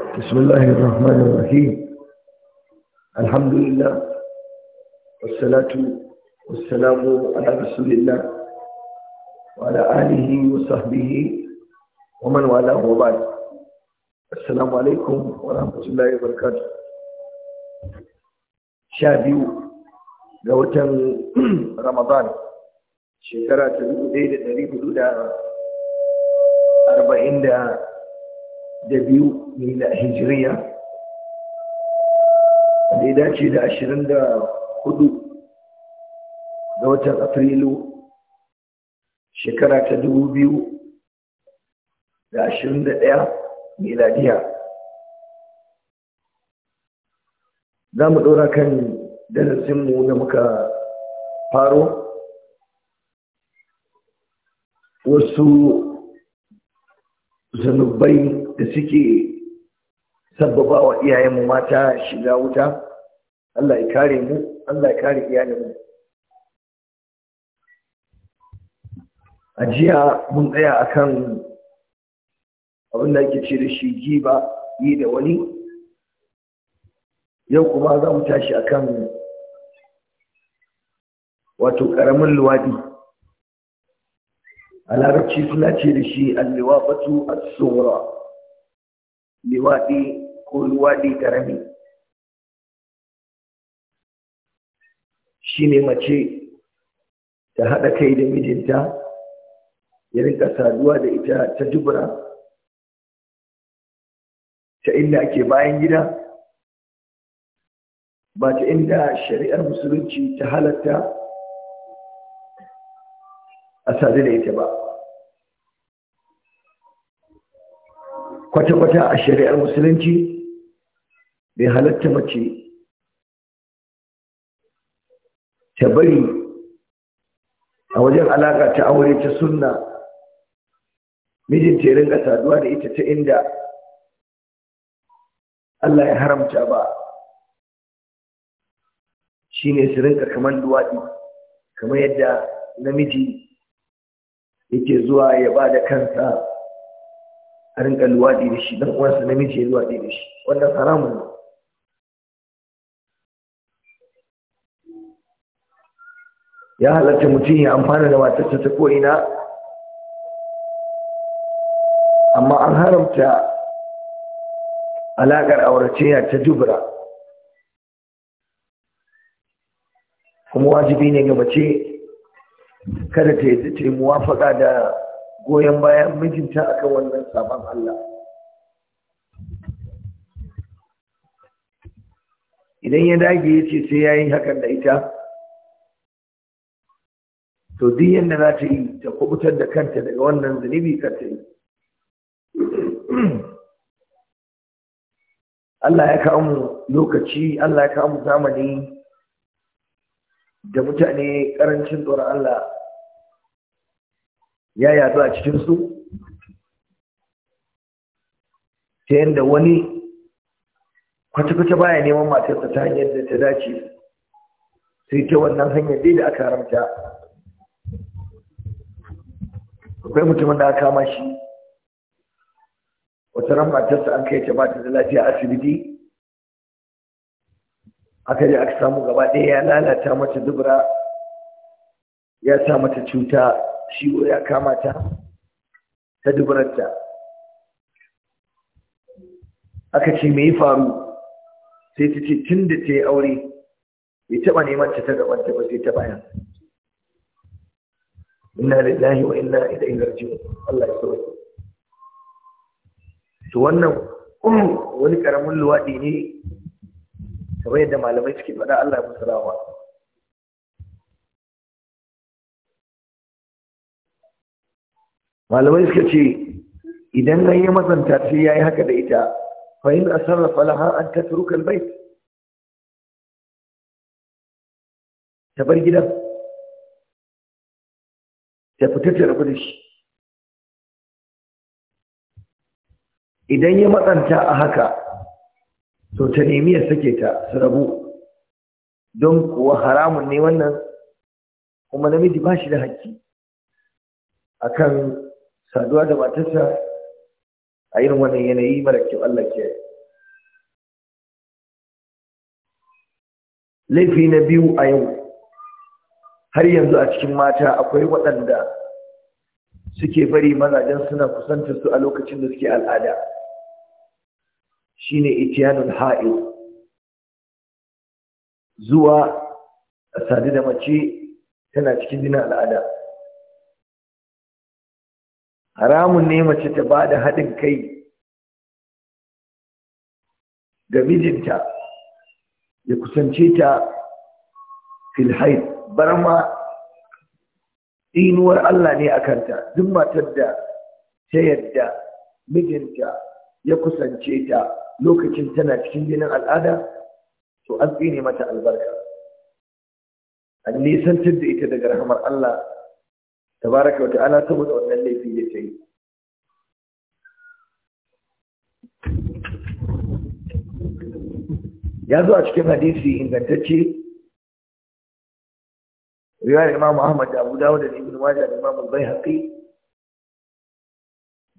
بسم الله الرحمن الرحيم الحمد لله والصلاة والسلام على رسول الله وعلى آله وصحبه ومن والاه وبعد السلام عليكم ورحمة الله وبركاته شابيو لوتن رمضان شكرا تدود ديد دريب دودا أربعين دا da biyu mila hijiriya da ya dace da ashirin da hudu ga watan afrilu shekara ta dubu biyu da ashirin da ɗaya miladiya za mu ɗora kan darasinmu da muka faro wasu zunubai da suke sabbaba wa iyayenmu mata shiga wuta Allah ya kare mu Allah ya kare iyayenmu a jiya mun tsaya akan abinda da ake ce da shi giba yi da wani yau kuma za mu tashi akan wato ƙaramin luwaɗi a larabci suna ce da shi alliwafatu as-sughra liwaɗi ko luwaɗi ƙarami shi ne mace ta haɗa kai da mijinta ya rinka saduwa da ita ta dubura ta inda ake bayan gida ba ta inda shari'ar musulunci ta halatta a sadu da ita ba kwata-kwata a shari'ar musulunci bai halatta mace ta bari a wajen alaƙa ta aure ta sunna mijinta ya rinka saduwa da ita ta inda Allah ya haramta ba shi ne su rinka kamar duwaɗi kamar yadda namiji yake zuwa ya ba da kansa a rinka luwaɗi da shi don uwansa namiji ya luwaɗi da shi wannan haramun ne ya halatta mutum ya amfana da matarsa ta ko'ina amma an haramta alaƙar auraciyar ta dubura kuma wajibi ne ga mace kada ta yi ta yi muwafaka da goyon bayan mijinta a kan wannan sabon Allah idan ya dage ya ce sai ya yi hakan da ita to duk yadda za ta yi ta kubutar da kanta daga wannan zunubi ta yi Allah ya kawo mu lokaci Allah ya kawo mu zamani da mutane karancin tsoron Allah ya yadu a cikinsu ta yadda wani kwata-kwata baya neman matarsa ta hanyar da ta dace sai ta wannan hanyar dai da aka haramta akwai mutumin da aka kama shi wata ran matarsa an kai ta bata da lafiya asibiti aka je aka samu gaba ɗaya ya lalata mata dubura ya sa mata cuta ciwo ya kama ta ta aka ce me faru sai ta ce tun da ta yi aure ya taɓa neman ta ta ta, ba sai ta bayan inna lillahi wa inna ilaihi raji'un Allah ya sauke to wannan um, wani karamin luwaɗi ne kamar yadda malamai suke faɗa Allah ya musu rawa malamai suka ce idan nan ya mazanta sai ya yi haka da ita fahim a sarrafa laha an ta turukar bai ta bar gidan ta fita ta rabu da shi idan ya matsanta a haka to ta nemi ya sake ta su rabu don kuwa haramun ne wannan kuma namiji ba shi da haƙƙi akan saduwa da matarsa a yin wani yanayi mara kyau Allah ke laifi na biyu a yau har yanzu a cikin mata akwai waɗanda suke bari mazajen suna kusantar su a lokacin da suke al'ada shine Itiyanun ha'il zuwa a sadu da mace tana cikin jinin al'ada haramun ne mace ta ba da haɗin kai ga mijinta ya kusance ta filhaid barma inuwar Allah ne a kanta duk matar da ta yadda mijinta ya kusance ta lokacin tana cikin ginin al'ada to an tsine mata albarka an nisantar da ita daga rahamar Allah tabaraka wata ana saboda wannan laifi da ta yi ya zo a cikin hadisi ingantacce riwayar imam ahmad da abu dawud da ibn majah da imam al-baihaqi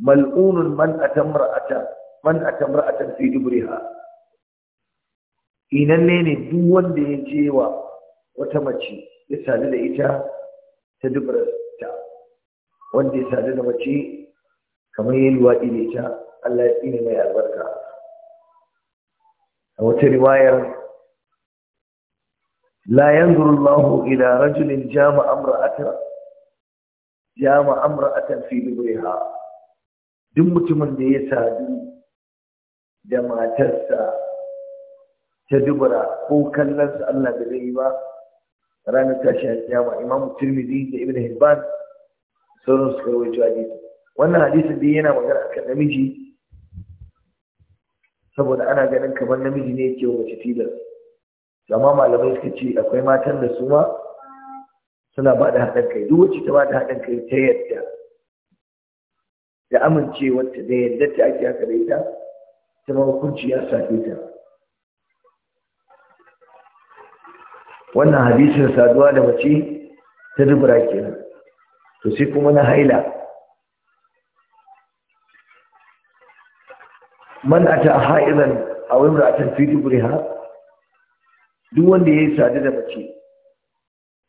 mal'unun man atamra'ata man atamra'atan fi dubriha inan ne duk wanda ya je wa wata mace ya sadu da ita ta dubrar wanda ya sadu da mace kamar yayi luwaɗi da ta, Allah ya tsine mai albarka a wata riwayar la yanzuru Allah ila rajulin jama amra'atan jama fi duk mutumin da ya sadu da matarsa ta dubura ko kallonsa Allah da zai yi ba ranar tashi a jama imam tirmidhi da ibn hibban sauran su karwaito hadisi wannan hadisin dai yana magana a kan namiji saboda ana ganin kamar namiji ne ke mace tilas amma malamai suka ce akwai matan da su ma suna ba da haɗin kai duk wacce ta ba da haɗin kai ta yadda da wata da yadda ta ake haka da ita ta ma hukunci ya safe ta wannan hadisin saduwa da mace ta dubura kenan to sai kuma na haila man ata hailan aw imra'atan fi dubriha duk wanda yayi sadu da mace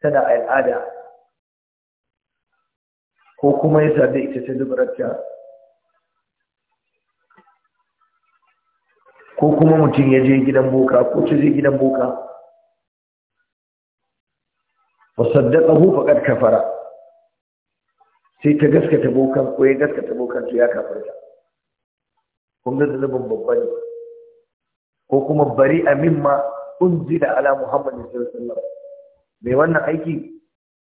tana al'ada ko kuma ya sadu ita ta dubrarta ko kuma mutum ya je gidan boka ko ta je gidan boka wa saddaqahu faqad kafara sai ta gaskata bokan ko ya gaskata bokan su ya kafarta kun ga zuba babba ne ko kuma bari a mimma da ala muhammad sallallahu alaihi wasallam mai wannan aiki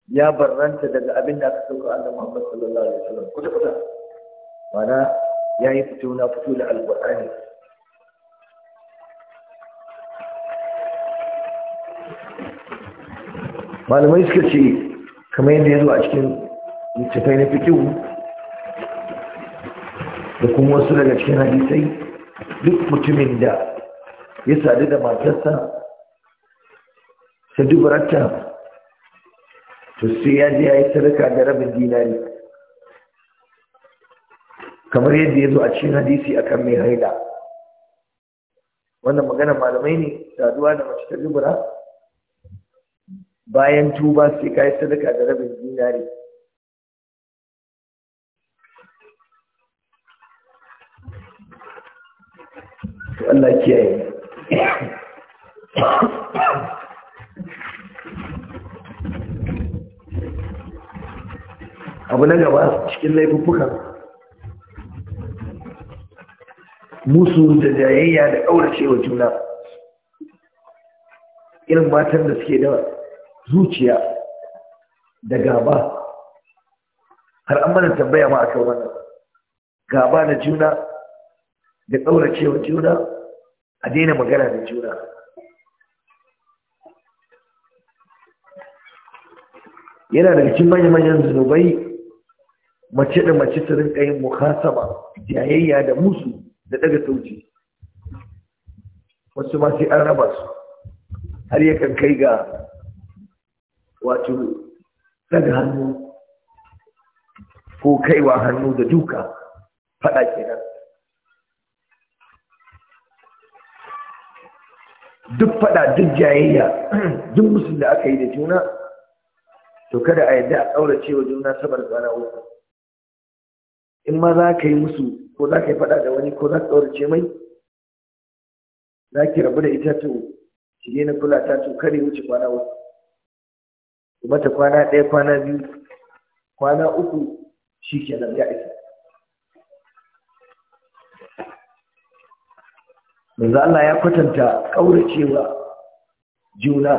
ya barranta daga abin da aka sauka Allah Muhammad sallallahu alaihi wasallam kuta kuta mana yayi fito na fito da alqur'ani malamai suka ce kamar yadda ya zo a cikin littafai na fikin da kuma wasu daga cikin hadisai duk mutumin da ya sadu da matarsa ta dubarata to sai ya je ya yi sadaka da rabin dinari kamar yadda ya zo a cikin hadisi akan mai haida. wannan magana malamai ne saduwa da mace ta dubara bayan tuba sai ka yi sadaka da rabin dinari to Allah kiyaye abu na gaba cikin laifuffukan musu da jayayya da ƙaurace wa juna irin matan da suke da zuciya da gaba har an mana tambaya ma a kawo wannan gaba da juna da ƙauracewa juna a daina magana da juna yana da cikin manya-manyan zunubai mace da mace su rinka yin mukasaba jayayya da musu da daga sauci wasu ma sai an raba su har yakan kai ga wato daga hannu ko kaiwa hannu da duka faɗa kenan duk fada duk jayayya duk musul da aka yi da juna to kada a yadda a ƙaurace wa juna sabar kwana uku in ma za ka yi musu ko za ka yi fada da wani ko za ka ce mai za ki rabu da ita to shige na kula ta to kare wuce kwana uku mata kwana ɗaya kwana biyu kwana uku shi ke nan ya isa manzo Allah ya kwatanta cewa juna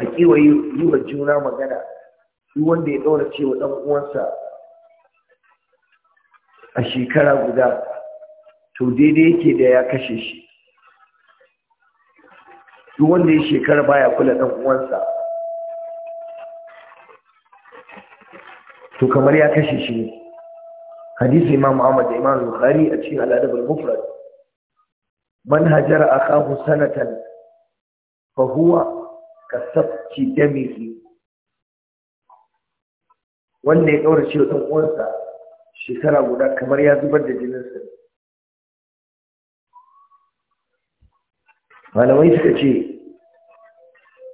a kiwaye yi wa juna magana duk wanda ya daura cewa dan uwansa a shekara guda to daidai yake da ya kashe shi duk wanda ya shekara baya kula dan uwansa to kamar ya kashe shi ne hadisi imam Ahmad da imam Bukhari a cikin al-Adab al-Mufrad man hajara akahu sanatan fa huwa kasabci damihi wanda ya ɗaura cewa ɗan uwansa shekara guda kamar ya zubar da jininsa malamai suka ce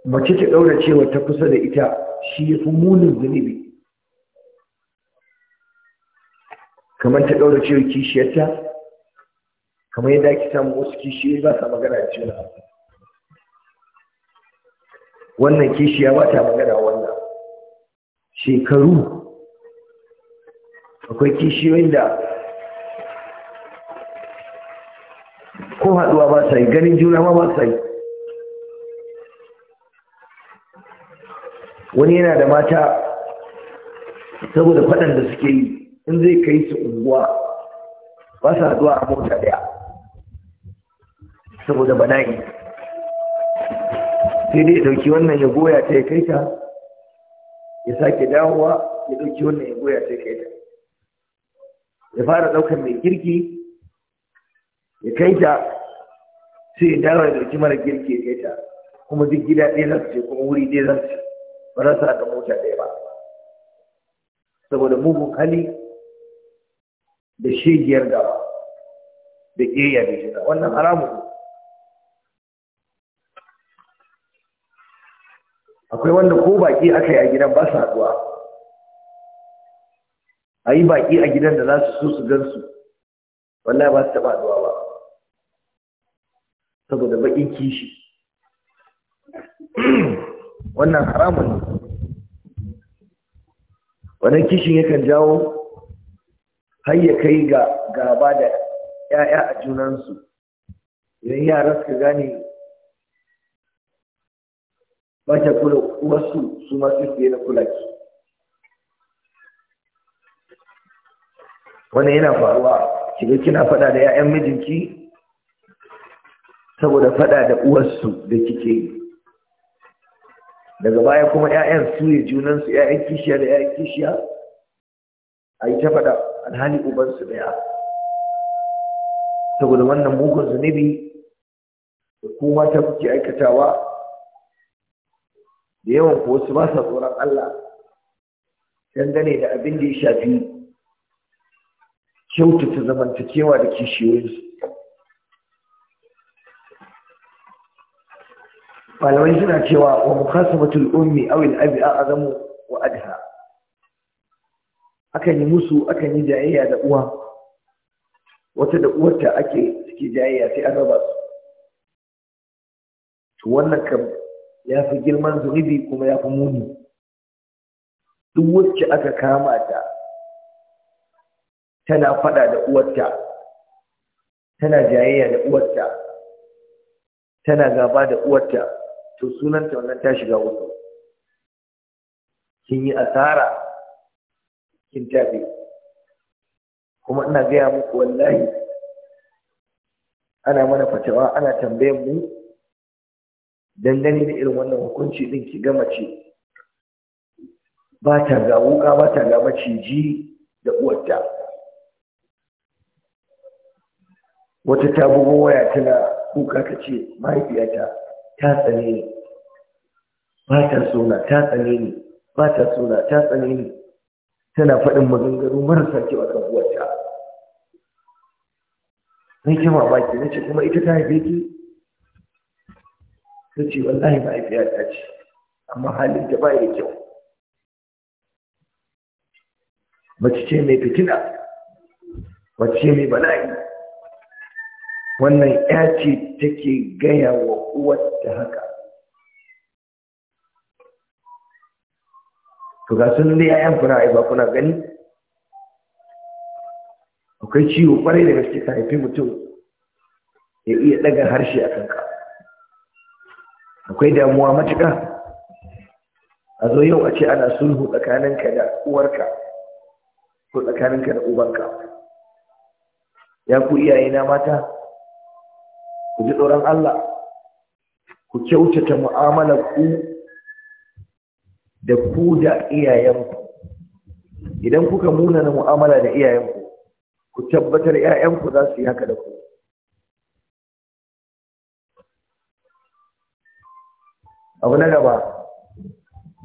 mace ta ɗaura cewa ta kusa da ita shi ya fi munin zunubi kamar ta ɗaura cewa kishiyarta kamar yadda ake samu wasu kishiyoyi ba sa magana da juna wannan kishiya ba ta magana wannan shekaru akwai kishiyoyin da ko haɗuwa ba sa yi ganin juna ma ba sa yi wani yana da mata saboda faɗan da suke yi in zai kai su unguwa ba sa haɗuwa a mota daya. saboda bala'i sai dai ya wannan ya goya ta ya kai ta ya sake dawowa ya dauki wannan ya goya ta ya kai ta ya fara ɗaukar mai girki ya kai ta sai ya dawo ya dauki mara girki ya kai ta kuma duk gida ɗaya za su ce kuma wuri ɗaya za su ce ba za su haɗa mota ɗaya ba saboda mugun hali da shegiyar gaba da ƙeya da jina wannan haramun akwai wanda ko baki aka yi a gidan ba su haɗuwa a yi baki a gidan da za su so su gan su wallahi ba su taɓa haɗuwa ba saboda baƙin kishi wannan haramun ne wannan kishin yakan jawo har ya kai ga gaba da ‘ya'ya a junansu idan yara suka gane ba ta kula wasu su ma fiye na kula ki wani yana faruwa shiga kina faɗa da 'ya'yan mijinki saboda faɗa da uwarsu da kike yi daga baya kuma 'ya'yan su ya junansu 'ya'yan kishiya da 'ya'yan kishiya a yi ta faɗa alhali ubansu ɗaya saboda wannan mugun zunubi da kuma ta kuke aikatawa da yawan ko su ba sa tsoron Allah dangane da abin da ya shafi kyautata zamantakewa da kishiyoyinsu malamai suna cewa wa mukasamatul ummi awil abi a a'zamu wa adha akan yi musu akan yi jayayya da uwa wata da uwarta ake suke jayayya sai an raba su to wannan ya fi girman zunubi kuma ya fi muni duk wacce aka kama ta tana fada da uwarta tana jayayya da uwarta tana gaba da uwarta to sunanta wannan ta shiga wuto kin yi asara kin tafi kuma ina gaya muku wallahi ana mana fatawa ana tambayan mu dangane da irin wannan hukunci din ki gama ce ba ta ga wuka ba ta ga maciji da uwarta wata ta bugo waya tana kuka ta ce mahaifiyata ta tsane ni ba ta sona ta tsane ni ba ta sona ta tsane ni tana faɗin maganganu marasa kyau akan uwarta. Nake mamaki ce kuma ita ta haife ki ta ce wallahi mahaifiya ta ce amma halin ta bai kyau mace ce mai fitina mace ce mai bala'i wannan ya ce take gaya wa uwarta haka to ga sun dai ayan kuna haifa kuna gani akwai ciwo kwarai da gaske ka haifi mutum ya iya ɗaga harshe a kanka akwai damuwa matuƙa a zo yau a ce ana sulhu tsakaninka da uwarka ko tsakaninka da ubanka ya ku iyaye na mata ku ji tsoron Allah ku kyautata mu'amalar ku da ku da iyayenku idan kuka munana mu'amala da iyayenku ku tabbatar 'ya'yanku za su yi haka da ku abu na gaba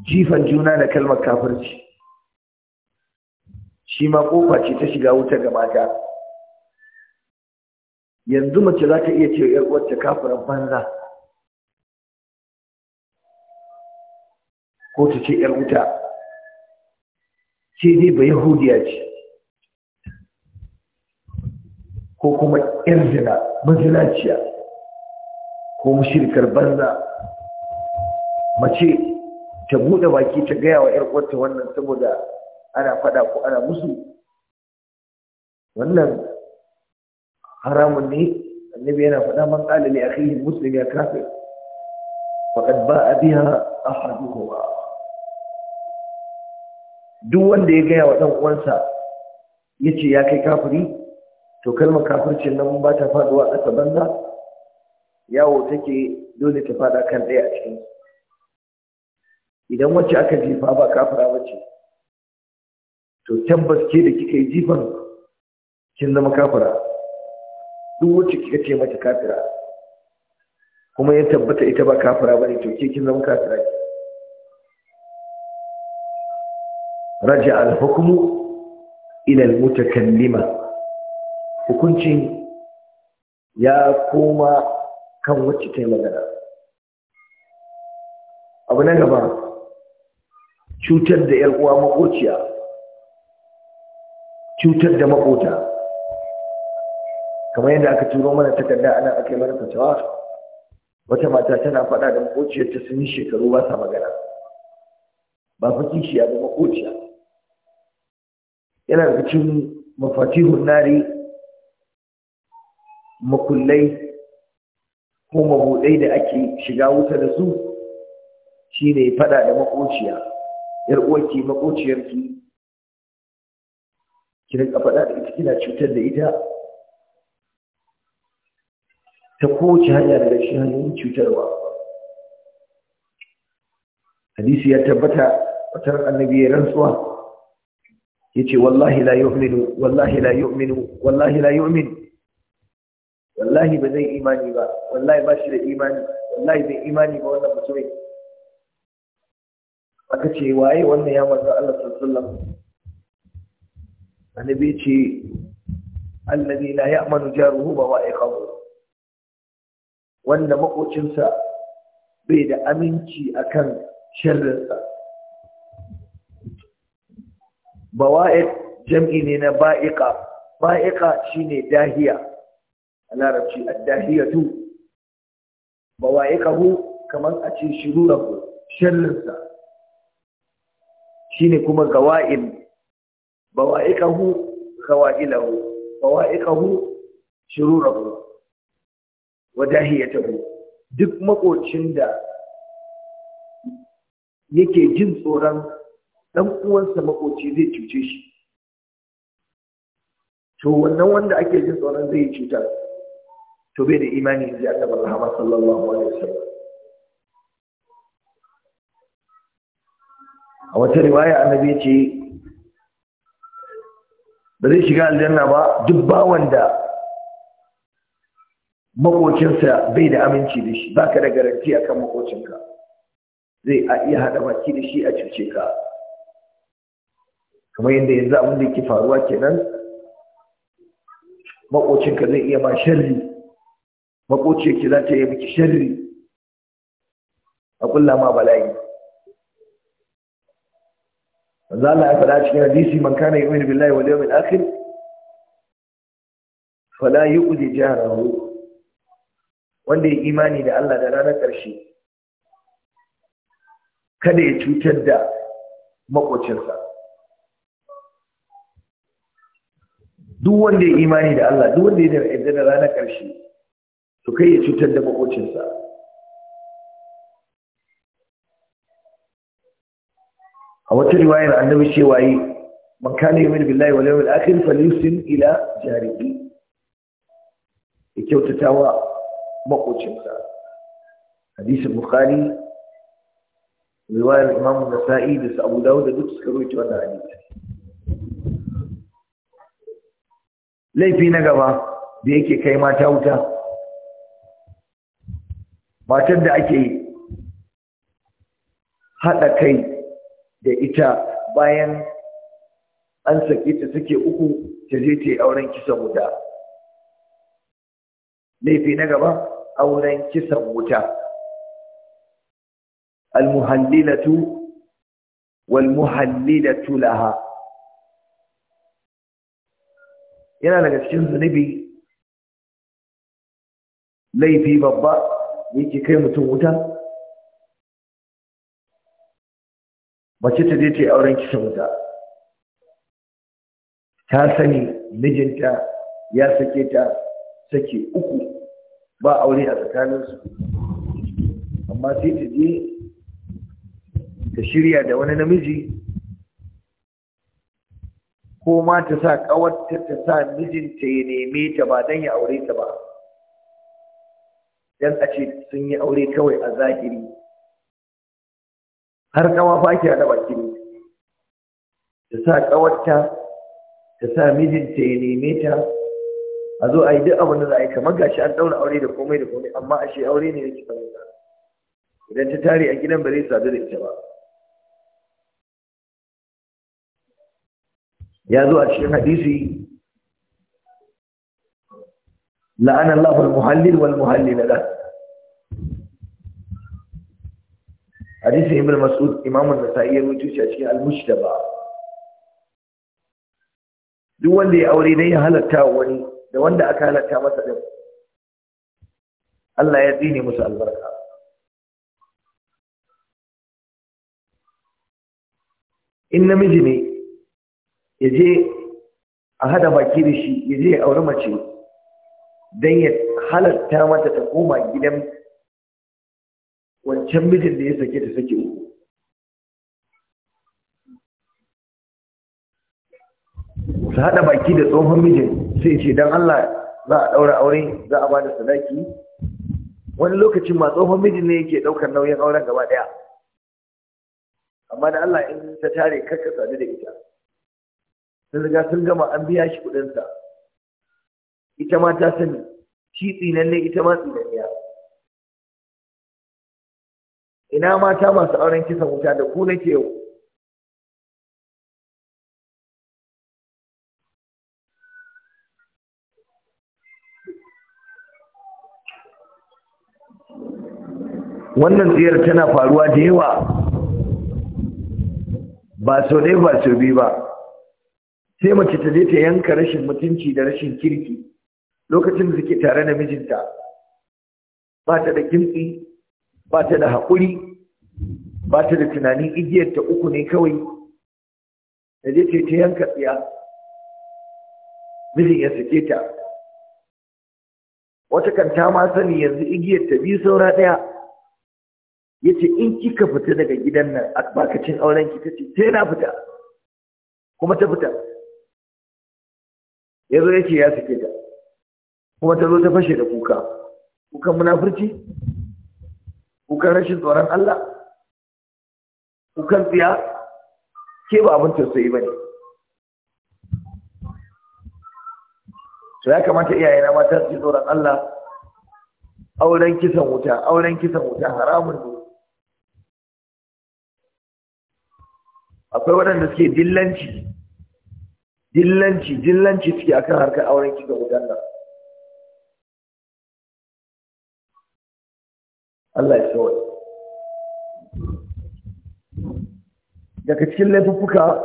jifan juna da kalmar kafirci shi ma kofa ce ta shiga wuta ga mata yanzu mace za ta iya ce ‘yar uwarta kafirar banza ko ta ce ‘yar wuta ce dai ba yahudiya ce ko kuma ‘yar zina mazinaciya ko mashirkar banza mace ta buɗe baki ta gaya wa 'yar wannan saboda ana faɗa ko ana musu wannan haramun ne annabi yana faɗa man qala li akhihi muslim ya kafir faqad ba'a biha ahaduhuma duk wanda ya gaya wa dan uwansa ce ya kai kafiri to kalmar kafircin nan ba ta faɗuwa a banza yawo take dole ta faɗa kan ɗaya a cikin idan wacce aka jifa ba kafara wacce to tabbas ke da kika yi jifan kin zama kafara? duk wacce kika ce mata kafira kuma ya tabbata ita ba kafira bane to ke kin zama kafira ki raja al-hukmu ila al-mutakallima hukuncin ya koma kan wacce ta yi magana abu na gaba cutar da ‘yar makociya cutar da makota kamar yadda aka turo mana takarda ana aka yi mana fatawa wata mata tana faɗa da makociyarta sun yi shekaru ba sa magana ba kishi kishiya da makociya yana da cin mafatihun nari makullai ko mabuɗai da ake shiga wuta da su shi ne faɗa da makociya yar uwarki makociyarki ki rinka faɗa da ita kina cutar da ita ta kowace hanya daga shi hanyoyin cutarwa hadisi ya tabbata watar annabi ya rantsuwa Ya ce, wallahi la yu'minu wallahi la yu'minu wallahi la yu'min wallahi ba zai imani ba wallahi ba shi da imani wallahi bai imani ba wannan mutumin aka ce waye wannan ya manzo Allah sallallahu alaihi ce annabi ce alladhi la ya'manu jaruhu wa wa'iqahu wanda makocinsa bai da aminci akan sharrinsa bawa'id jam'i ne na ba'iqa ba'iqa shine dahiya a larabci ad bawa'iqahu kaman a ce shirurahu sharrinsa shine kuma gawa'in bawa'ikahu khawailahu bawa'ikahu shururahu wa dahiyatahu duk makocin da yake jin tsoron dan uwansa makoci zai cuce shi to wannan wanda ake jin tsoron zai cuta, to bai da imani ji Allah rahama sallallahu alaihi wasallam a wata riwaya annabi ya ce ba zai shiga aljanna ba duk ba wanda makocinsa bai da aminci da shi ka da garanti akan makocinka zai a iya haɗa baki da shi a cuce ka kamar yadda yanzu abin da yake faruwa kenan makocinka zai iya ma sharri makociyarki za ta yi miki sharri a kulla ma bala'i manzo Allah ya faɗa cikin hadisi man kana yu'minu billahi wal yawmil akhir fala yu'zi jarahu wanda ya imani da Allah da ranar ƙarshe kada ya cutar da makocinsa duk wanda ya imani da Allah duk wanda ya da ranar ƙarshe to kai ya cutar da makocinsa a wata riwayar annabi cewa yi man kana yu'minu billahi wa yawmil akhir falyusin ila jarihi ya makocin sa hadisin bukhari riwayar imam nasa'i da abu dawud da duk suka rawaito wannan hadisi laifi na gaba da yake kai mata wuta matar da ake haɗa kai da ita bayan an sake ta take uku ta je ta yi auren kisan wuta laifi na gaba auren kisan wuta almuhallilatu walmuhallilatu laha yana daga cikin zunubi laifi babba yake kai mutum wuta mace ta je ta yi auren kisan wuta ta sani mijinta ya sake ta sake uku ba aure a tsakaninsu amma sai ta je ta shirya da wani namiji ko ma ta sa kawarta ta sa mijinta ya neme ta ba don ya aure ta ba don a ce sun yi aure kawai a zahiri har kawa ke ake hada baki ne ta sa kawarta ta sa mijinta ya neme ta a zo a yi duk abin da za a yi kamar gashi an daura aure da komai da komai amma a shi aure ne yake fahimta idan ta tare a gidan ba zai sadu da ita ba ya zo a cikin hadisi la'ana al-muhallil wal muhallila hadisin ibn mas'ud imamun nasa'i ya rubuta shi a cikin al-mushtaba duk wanda ya aure dai ya halatta wani da wanda aka halatta masa din Allah ya tsine musu albarka in namiji ne ya je a hada baki da shi ya je ya aure mace don ya halatta mata ta koma gidan wancan mijin da ya sake ta sake uku su haɗa baki da tsohon mijin sai ce don Allah za a ɗaura aure za a ba da sadaki wani lokacin ma tsohon mijin ne yake ɗaukar nauyin auren gaba ɗaya amma da Allah in ta tare karka sadu da ita sun riga sun gama an biya shi kuɗinsa ita ma ta sani shi tsinanne ita ma tsinanniya ina mata masu auren kisan wuta da ku nake yau wannan tsiyar tana faruwa da yawa ba so ne, ba so bi ba sai mace ta je ta yanka rashin mutunci da rashin kirki lokacin da suke tare da mijinta ba ta da kimtsi ba ta da haƙuri ba ta da tunanin igiyar ta uku ne kawai da je ce ta yanka tsiya mijin ya sake ta wata kan ta ma sani yanzu igiyar ta biyu saura ɗaya ya ce in kika fita daga gidan nan a bakacin auren ki ta ce sai na fita kuma ta fita ya zo ya ce ya sake ta kuma ta zo ta fashe da kuka kukan munafurci kukan rashin tsoron Allah kukan tsiya ke ba abin tausayi ba ne to ya kamata iyaye na mata su tsoron Allah auren kisan wuta auren kisan wuta haramun ne akwai waɗanda suke dillanci dillanci dillanci suke akan harkar auren kisan wuta nan Allah ya wani. daga cikin laifuffuka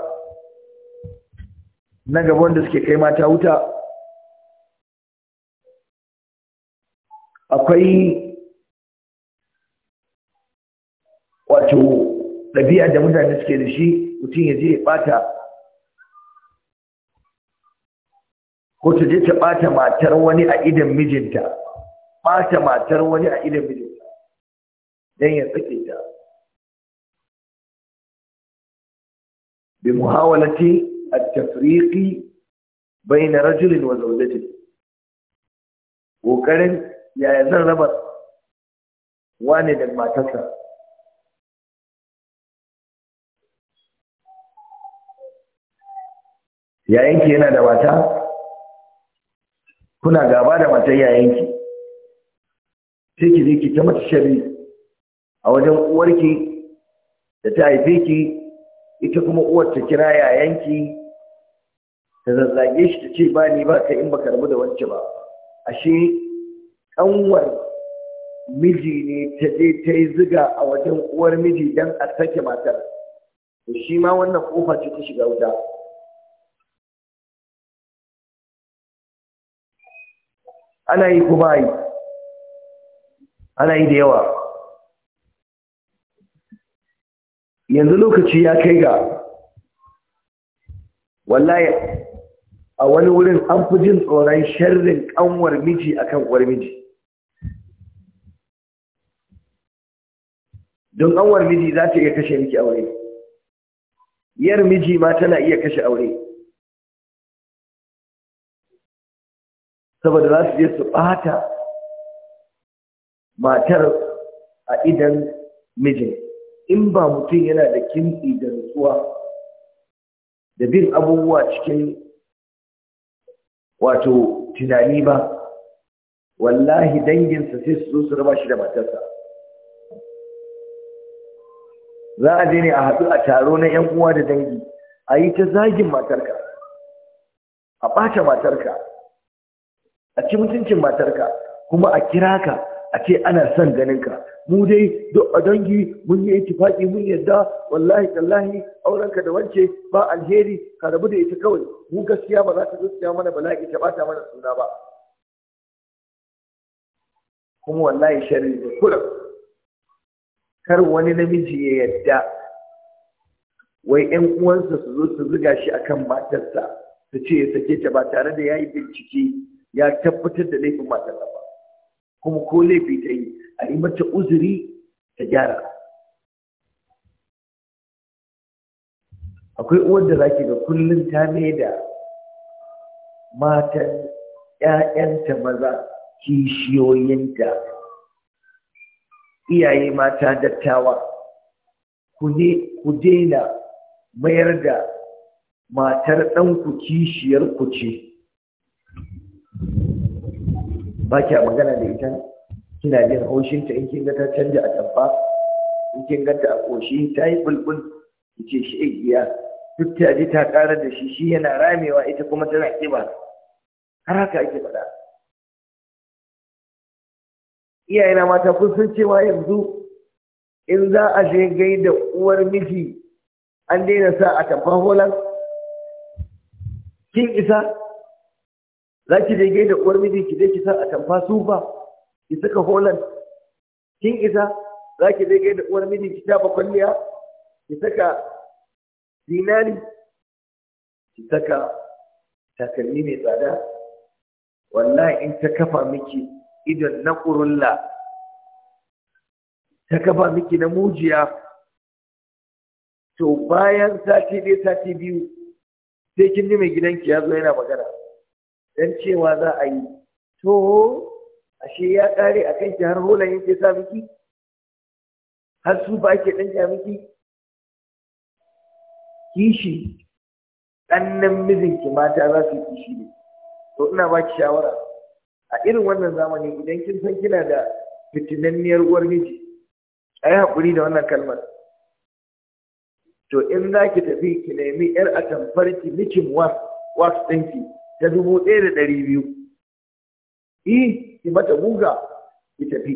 na gaban da suke kai mata wuta akwai wato ɗabi'a da mutane suke da shi mutum ya je ya ɓata ko ta je ta ɓata matar wani a idan mijinta ɓata matar wani a idan mijinta don ya tsake ta بمحاولة التفريق بين رجل وزوجته وكرن يا زن ربط wani da matarsa yayanki yana da mata kuna gaba da matar yayanki sai ki je ki ta mata shari a wajen uwarki da ta haife ki ita kuma uwar ta kira yayanki ta zazzage shi ta ce ba ni ba ka in baka rabu da wance ba ashe kanwar miji ne ta je ta yi ziga a wajen uwar miji don a sake matar to shi ma wannan kofa ce ta shiga wuta ana yi kuma yi ana yi da yawa yanzu lokaci ya kai ga wallahi a wani wurin an fi jin tsoron sharrin kanwar miji akan uwar miji don kanwar miji za ta iya kashe miki aure yar miji ma tana iya kashe aure saboda za su je su ɓata matar a idan mijin in ba mutum yana da kimtsi da nutsuwa da bin abubuwa cikin wato tunani ba wallahi danginsa sai su su raba shi da matarsa za a je ne a haɗu a taro na 'yan uwa da dangi a yi ta zagin matarka a ɓata matarka a ci mutuncin matarka kuma a kira ka a ce ana son ganinka mu dai duk a dangi mun yi itifaki mun yadda wallahi tallahi aurenka da wance ba alheri ka rabu da ita kawai mu gaskiya ba za ta gaskiya mana bala'i ta bata mana suna ba kuma wallahi sharri da kullum kar wani namiji ya yadda wai 'yan uwansa su zo su zuga shi akan matarsa su ce ya sake ta ba tare da ya yi bincike ya tabbatar da laifin matarsa ba kuma ko laifi ta yi a mata uzuri ta gyara akwai uwar da zaki ga kullum ta da matan ‘ya'yanta maza kishiyoyinta iyaye mata dattawa ku daina mayar da matar ɗanku kishiyar ku ce ba kya magana da ita kina jin haushin ta in kin ga ta canja a tamfa in kin ga ta a koshi ta yi bulbul ki ce shi igiya duk ta ji ta ƙara da shi shi yana ramewa ita kuma tana kiba har haka ake faɗa iyayena mata kun san cewa yanzu in za a je gaida uwar miji an daina sa a tamfan holan kin isa za ki je gaida uwar miji ki je ki sa a tamfa su ki saka holan kin isa za ki zai gaida uwar mijin ki ta kwalliya ki saka dinari ki saka takalmi mai tsada wallahi in ta kafa miki idan na kurulla ta kafa miki na mujiya to bayan sati ɗaya sati biyu sai kin ji mai gidanki ya zo yana magana don cewa za a yi to ashe ya kare a kan ki har holan yake sa miki har su ba ke ɗan miki kishi ɗannan mijinki mata za su yi kishi ne to ina ba ki shawara a irin wannan zamani idan kin san kina da fitinanniyar uwar miji a yi haƙuri da wannan kalmar to in za ki tafi ki nemi yar atamfar ki mikin was ɗinki ta dubu ɗaya da ɗari biyu ki mata guga ki tafi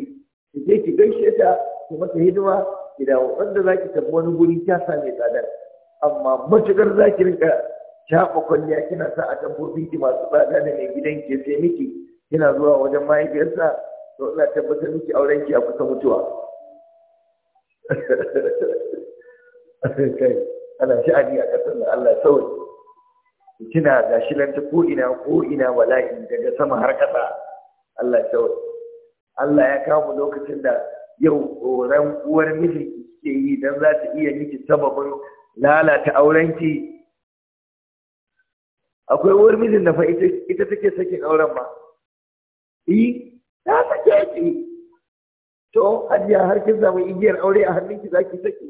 ki je ki gaishe ta ki mata hidima ki dawo wanda za ki tafi wani guri ta mai tsadar amma matukar za ki rinka shafa kwalliya kina sa a tambobin ki masu tsada da mai gidan ki sai miki kina zuwa wajen mahaifiyarsa to ina tabbatar miki auren ki a kusa mutuwa kai ana sha'ani a ƙasar nan Allah sauri kina gashi nan ko ina ko ina bala'i daga sama har ƙasa? Allah kawai Allah ya kawo lokacin da yau tsoron uwar mijinki ke yi don za ta iya miki sababin lalata aurenki akwai uwar mijin da fa ita take sakin auren ba yi eh, ta sake ki to hajiya har kin samu igiyar aure a hannunki ki sake.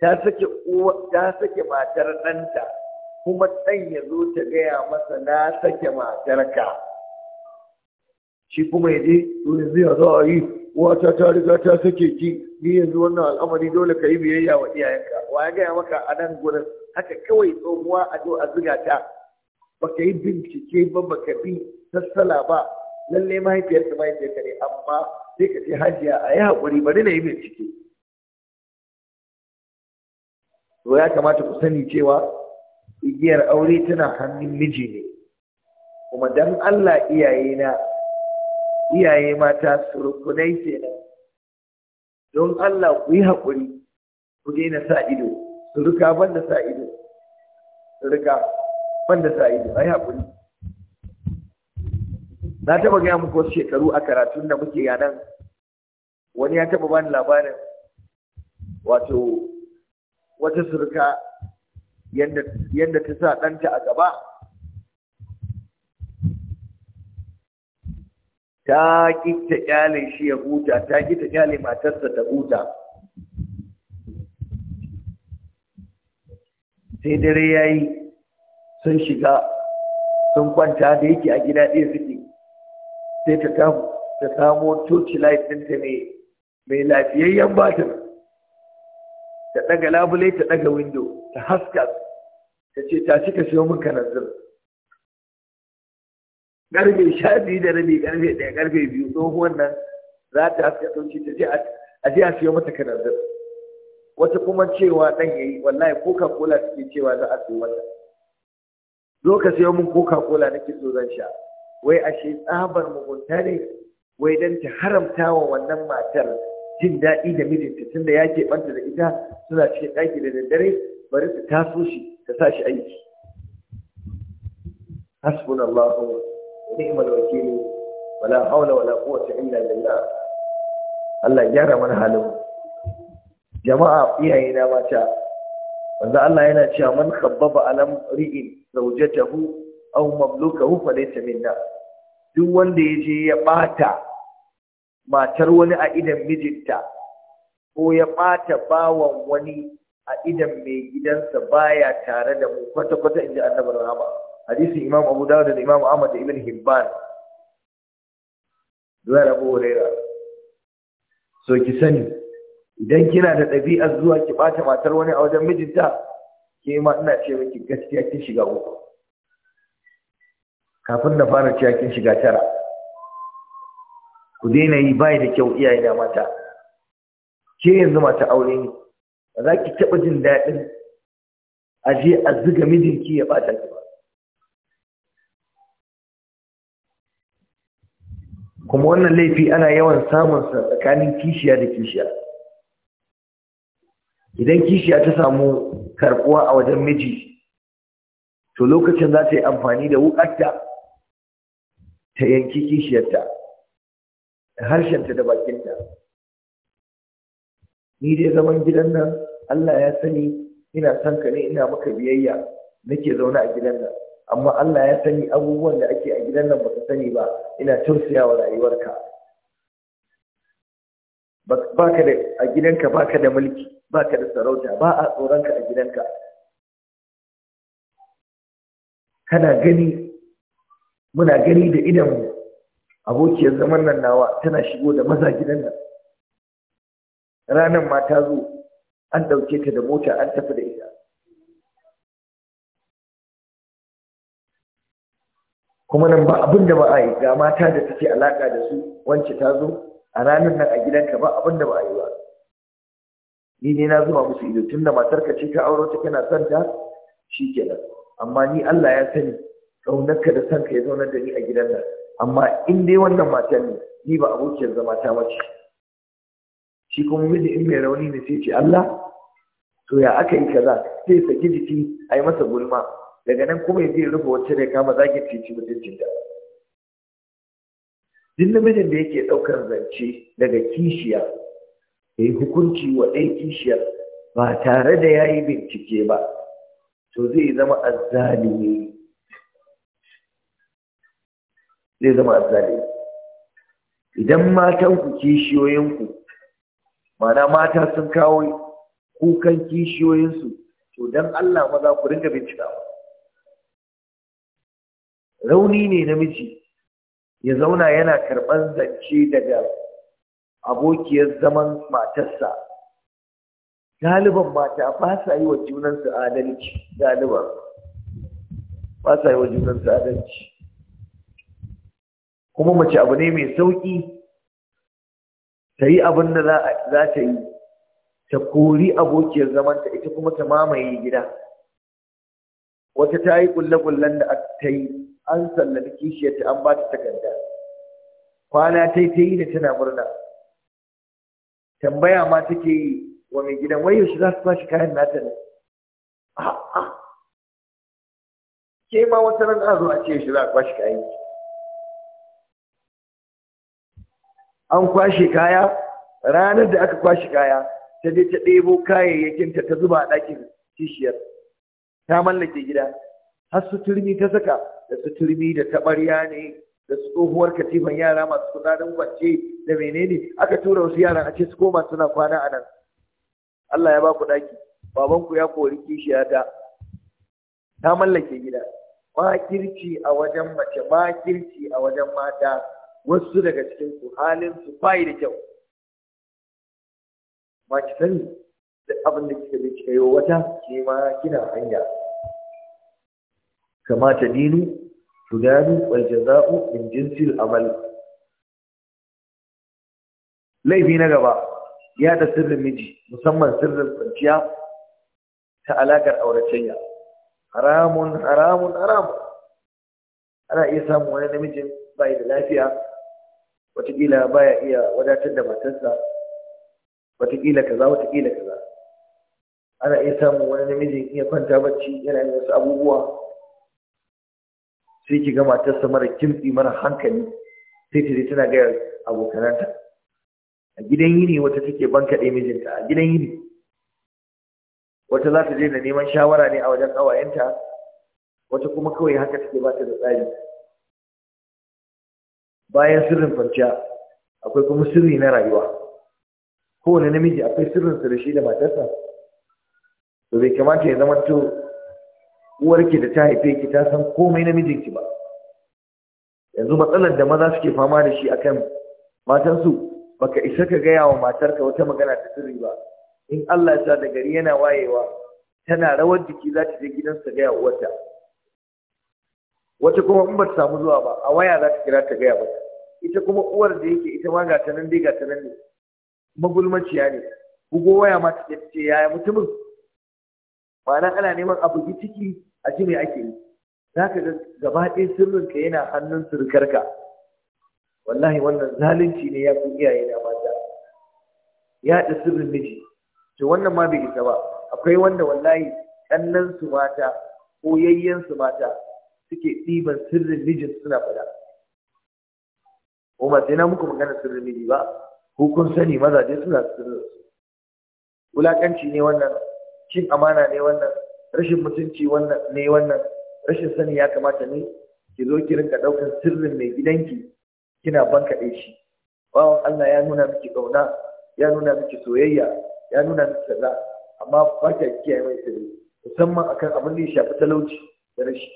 ta sake uwa ta sake matar ɗanta kuma ɗan ya zo ta gaya masa na sake matarka shi kuma ya je to yanzu a yi wata ta riga ta sake ki ni yanzu wannan al'amari dole ka yi biyayya wa iyayenka wa ya gaya maka a nan gurin haka kawai tsohuwa a zo a ziga ta baka yi bincike ba baka bi sassala ba lalle mahaifiyarka mahaifiyarka ne amma sai ka ce hajiya a yi haƙuri bari na yi bincike to ya kamata ku sani cewa igiyar aure tana hannun miji ne kuma dan Allah iyayena iyaye mata surukunai nan, don Allah ku yi haƙuri ku daina sa ido suruka banda sa ido suruka banda sa ido ai haƙuri na taɓa gaya muku wasu shekaru a karatun da muke yanan wani ya taɓa bani labarin wato wata surka yadda ta sa ɗanta a gaba ta ƙi ta ƙyale shi ya huta ta ƙi ta ƙyale matarsa ta huta sai dare ya yi sun shiga sun kwanta da yake a gida ɗaya suke sai ta samo torchlight ɗinta ne mai lafiyayyen batir ta ɗaga labule ta ɗaga windo ta haska ta ce ta cika siyo min kananzir Ƙarfe sha biyu da rabi ƙarfe ɗaya ƙarfe biyu tsohuwan nan za ta haska sauci ta je a je a siyo mata kanadar wata kuma cewa ɗan ya yi, wallahi coca cola suke cewa za a siyo mata zo ka siyo min coca cola nake so zan sha wai shi tsabar mugunta ne wai dan ta haramta wa wannan matar jin daɗi da mijinta tunda ya keɓanta da ita suna cikin ɗaki da daddare bari ta taso shi ta sa shi aiki hasbunallahu ni'mal wakili wala haula wala quwwata illa billah Allah ya gyara mana halin jama'a iyaye na mata wanda Allah yana cewa man khabbaba alam ri'in zawjatahu aw mamlukahu falaysa minna duk wanda yaje ya bata matar wani a idan mijinta ko ya bata bawan wani a idan mai gidansa baya tare da mu kwata-kwata inji annabar rahama hadisin imam abu dawud da imam ahmad da ibn hibban zuwa da abu huraira so ki sani idan kina da ɗabi'ar zuwa ki bata matar wani a wajen mijinta ke ma ina ce miki gaskiya kin shiga uku kafin na fara cewa kin shiga tara ku daina yi bai da kyau iyaye da mata ke yanzu mata aure ne ba za ki taɓa jin daɗin a je a zuga mijinki ya ɓata ki ba kuma wannan laifi ana yawan samunsa tsakanin kishiya da kishiya idan kishiya ta samu karbuwa a wajen miji to lokacin za ta yi amfani da wukatta ta yanki kishiyarta da harshenta da bakinta ni dai zaman gidan nan Allah ya sani ina son ka ne ina maka biyayya nake zaune a gidan nan amma Allah ya sani abubuwan da ake a gidan nan ba baka sani ba ina tursiya wa rayuwarka baka da a gidanka baka da mulki baka da sarauta ba a tsoronka a gidanka kana gani muna gani da idan abokiyar zaman nan nawa tana shigo da maza gidan nan ranar ma ta zo an ɗauke ta da mota an tafi da ita kuma nan ba abin da ba a yi ga mata da take alaka da su wance ta zo a ranar nan a gidanka ba abin da ba a yi ba ni ne na zuwa musu ido tunda matar ka ce ka auro ta kana son ta Shi nan, amma ni Allah ya sani ka da son ka ya zaunar da ni a gidan nan amma in dai wannan matar ne ni ba abokiyar zama ta mace shi kuma miji in mai rauni ne sai ce Allah to ya aka yi kaza sai saki jiki a yi masa gulma daga nan kuma ya ya rufe wacce da ya kama zagin titi mutuncin jinta. duk namijin da yake ɗaukar zance daga kishiya ya yi hukunci wa ɗaya kishiyar ba tare da ya yi bincike ba to zai zama azzalimi zai zama azzalimi idan kishiyoyin kishiyoyinku mana mata sun kawo kukan kishiyoyinsu to don Allah maza ku ringa ba. rauni ne namiji ya zauna yana karɓar zance daga abokiyar zaman matarsa galiban mata ba sa yi wa junansu adalci galiban ba sa yi wa junansu adalci kuma mace abu ne mai sauƙi ta yi abin da za ta yi ta kori abokiyar zamanta ita kuma ta mamaye gida wata ta yi ƙulle-ƙullen da ta yi an kishiyar ta an ba ta takarda kwana ta ta yi da tana murna tambaya ma take yi wa mai gidan wayo shi za su ba shi kayan nata ne a'a ke ma wata ran a zo a ce shi za a kwashe kayan ki an kwashe kaya ranar da aka kwashe kaya ta je ta ɗebo kayayyakinta ta zuba a ɗakin kishiyar ta mallake gida har su turmi ta saka da su turmi da taɓarya ne da tsohuwar katifan yara masu kuzarin kwance da menene aka tura wasu yaran a ce su koma suna kwana a nan Allah ya ba ku daki babanku ya kori kishiya ta ta mallake gida makirci a wajen mace makirci a wajen mata wasu daga cikin su halin su bai da kyau ba ki sani da abin da kika yi wata ke ma kina hanya kama ta dinu tudanu wal jaza'u min laifi na gaba ya sirrin miji musamman sirrin kwanciya ta alaƙar auratayya haramun haramun haramun ana iya samun wani namijin bai da lafiya watakila baya iya wadatar da matarsa watakila kaza watakila kaza ana iya samun wani namijin iya kwanta bacci yana yin wasu abubuwa sai ki ga matarsa mara kimtsi mara hankali sai ta tana ga abokananta a gidan yini wata take ɗaya mijinta a gidan yini wata za ta je da neman shawara ne a wajen ƙawayenta wata kuma kawai haka take ba ta da tsari bayan sirrin kwanciya akwai kuma sirri na rayuwa kowane namiji akwai sirrinsa da shi da matarsa to bai kamata ya zama to uwarki da ta haife ki ta san komai na mijinki ba yanzu matsalar da maza suke fama da shi akan matansu baka isa ka gaya wa matarka wata magana ta sirri ba in Allah ya sa da gari yana wayewa tana rawar jiki za ta je gidansu ta gaya uwarta wata kuma in ba ta samu zuwa ba a waya za ta kira ta gaya ba? ita kuma uwar da yake ita ma ga ta nan dai ga ta nan ne magulmaciya ne bugo waya ma ta ce yaya mutumin ma'ana ana neman abu ciki a ji mai ake yi za ka ga gaba ɗin sirrinka yana hannun surukarka wallahi wannan zalunci ne ya fi iyaye na mata ɗi sirrin miji to wannan ma bai isa ba akwai wanda wallahi ƙannan su mata ko yayyen su mata suke ɗiban sirrin mijin suna faɗa Umar sai na muku magana sirrin miji ba ko kun sani mazaje suna sirrin wulaƙanci ne wannan cin amana ne wannan rashin mutunci wannan ne wannan rashin sani ya kamata ne ki zo ki rinka ɗaukar sirrin mai gidanki kina bankaɗe shi bawan Allah ya nuna miki ƙauna ya nuna miki soyayya ya nuna miki kaza amma ba ki kiyaye mai sirri musamman akan abin da ya shafi talauci da rashi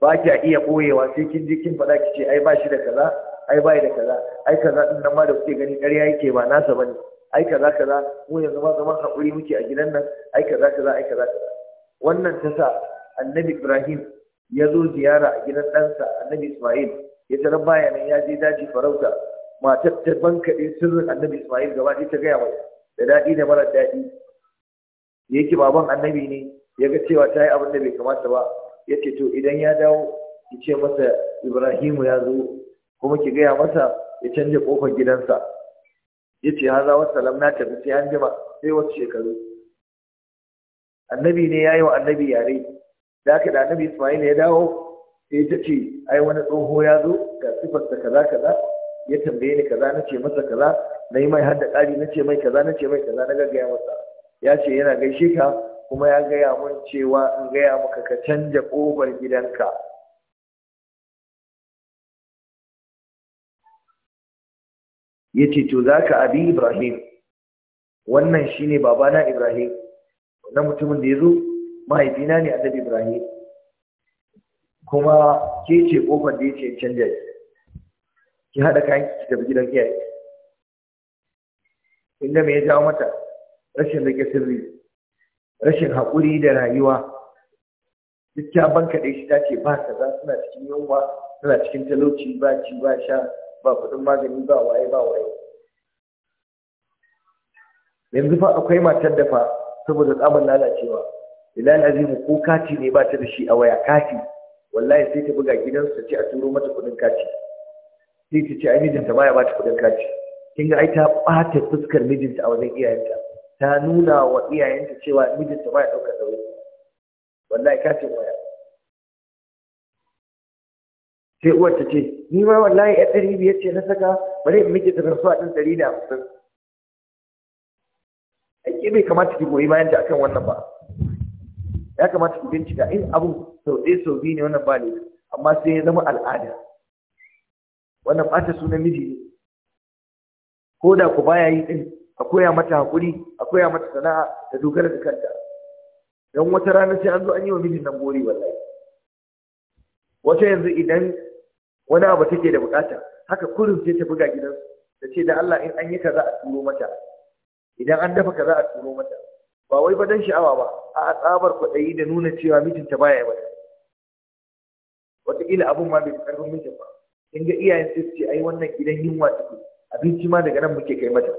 ba ki iya boyewa sai kin je kin faɗa ki ce ai ba shi da kaza ai ba da kaza ai kaza din nan ma da kuke gani ƙarya yake ba nasa bane ai kaza kaza mu yanzu ma zaman haƙuri muke a gidan nan ai kaza kaza ai kaza kaza wannan ta sa annabi ibrahim ya zo ziyara a gidan ɗansa annabi ismail ya tara bayanan ya je daji farauta matar ta bankaɗe sirrin annabi ismail gaba ɗaya ta gaya mai da daɗi da marar daɗi ya yake baban annabi ne ya ga cewa ta yi abin da bai kamata ba ya ce to idan ya dawo ki ce masa ibrahimu ya zo kuma ki gaya masa ya canja ƙofar gidansa ya ce 'Har wasu salam na tafi sai an jima sai wasu shekaru annabi ne ya yi wa annabi yare da aka da annabi ismail ya dawo sai ta ce ai wani tsoho ya zo ga sifarsa kaza kaza ya tambaye ni kaza na ce masa kaza na yi mai hadda kari na ce mai kaza na ce mai kaza na gaggaya masa ya ce yana gaishe ka kuma ya gaya mun cewa in gaya maka ka canja ƙofar gidanka ya ce to za ka abi ibrahim wannan shine ne babana ibrahim wannan mutumin da ya zo mahaifina ne annabi ibrahim kuma ke ce kofar da ya ce canja ki ki haɗa kayan ki tafi gidan iyaye inda me ya jawo mata rashin rike sirri rashin haƙuri da rayuwa duk ta banka ɗaya shi ta ce ba kaza suna cikin yunwa suna cikin talauci ba ci ba sha ba kuɗin magani ba waye ba waye yanzu fa akwai matar da fa saboda tsamin lalacewa bilal azimu ko kati ne ba ta da shi a waya kati wallahi sai ta buga gidansu ta ce a turo mata kuɗin kati sai ta ce ai mijinta ba ya ba ta kuɗin kati kin ga ai ta ɓata fuskar mijinta a wajen iyayenta ta nuna wa iyayenta cewa mijinta ba ya ɗaukar nauyi wallahi kati waya sai uwar ta ce ni ma wallahi ya ɗari biyar ce na saka bare in miki ta rasuwa ɗin ɗari da hamsin aiki bai kamata ki goyi bayan ta akan wannan ba ya kamata ki bincika in abu sau ɗaya sau biyu ne wannan ba ne amma sai ya zama al'ada wannan ɓata sunan miji ne ko da ku baya yi ɗin a koya mata haƙuri a koya mata sana'a da dogara da kanta don wata rana sai an zo an yi wa mijin nan gori wallahi wata yanzu idan wani abu take da bukata haka kurin sai ta buga gidansu ta ce da Allah in an yi kaza a turo mata idan an dafa kaza a turo mata ba wai ba dan sha'awa ba a tsabar kwaɗayi da nuna cewa mijinta baya yi mata wataƙila abun ma bai karfin mijinta ba in ga iyayen sai su ce ai wannan gidan yunwa take abinci ma daga nan muke kai mata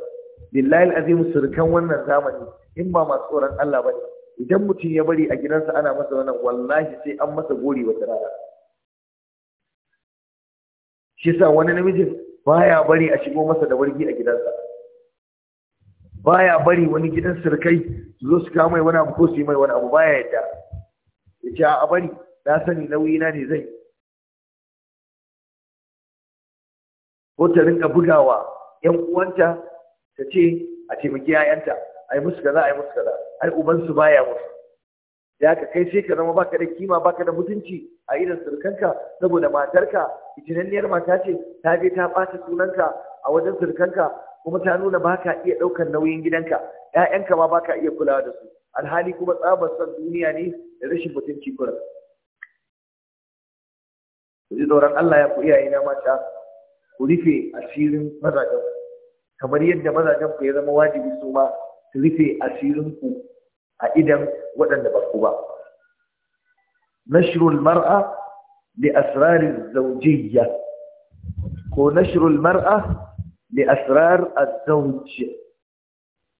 billahi azim surkan wannan zamani in ba masu tsoron Allah ba ne. idan mutum ya bari a gidansa ana masa wannan wallahi sai an masa gori wata rana shi sa wani namijin baya bari a shigo masa da wargi a gidansa baya bari wani gidan sirkai su zo su kawo mai wani abu ko su yi mai wani abu baya yadda ya ce a bari na sani nauyi na ne zai ko ta rinka bugawa yan uwanta ta ce a taimaki 'ya'yanta a musu kaza a musu kaza ai ubansu baya musu da ka kai sai ka zama baka da kima baka da mutunci a idan surkanka saboda matarka itinanniyar mata ce ta je ta ɓata sunanka a wajen surkanka kuma ta nuna baka iya ɗaukar nauyin gidanka ƴaƴanka ma baka iya kulawa da su alhali kuma tsabar san duniya ne da rashin mutunci kuran ku tsoron Allah ya ku iyaye na mata ku rufe asirin mazajen kamar yadda mazajen ku ya zama wajibi su ma su rufe asirin ku a idan waɗanda ba ku ba nashrul mar'a li asrarin zawjiyya ko nashrul mar'a li asrar az-zawj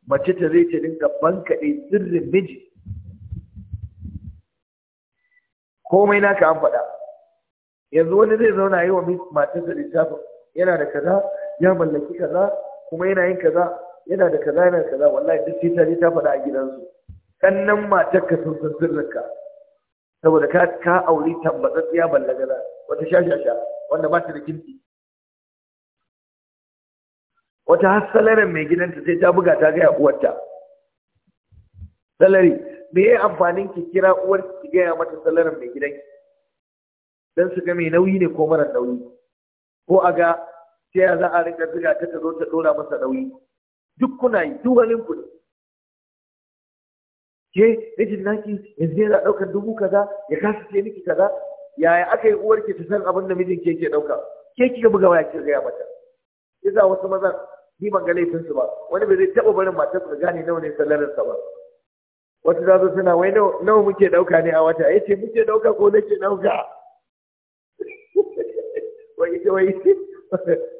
mace ta zai ta dinga bankaɗe sirrin miji komai naka an faɗa yanzu wani zai zauna yi wa matarsa littafin yana da kaza ya mallaki kaza kuma yana yin kaza yana da kaza yana da kaza wallahi duk sai ta ta faɗa a gidansu ɗannan matarka sun san sirrinka saboda ka ka auri ballaga ballagara wata shashasha wanda ba ta da kinti wata har salarin mai gidanta sai ta buga ta gaya uwarta salari me ya amfanin ki kira uwar ki gaya mata salarin mai gidan? don su ga mai nauyi ne ko mara nauyi ko a ga ta ya za a rika zuga ta ta zo ta dora masa nauyi duk kuna yi duk halin ku ne ke mijin naki yanzu yana ɗaukar dubu kaza ya kasa ce miki kaza yaya aka yi uwar ke ta san abin da mijin ke ke ɗauka ke kika buga waya kika gaya mata yasa wasu mazan ni ban ga laifinsu ba wani bai zai taɓa barin matar su gane nawa ne salarin ba wasu za su suna wai nawa muke ɗauka ne a wata Ya yace muke ɗauka ko nake ɗauka wai ita wai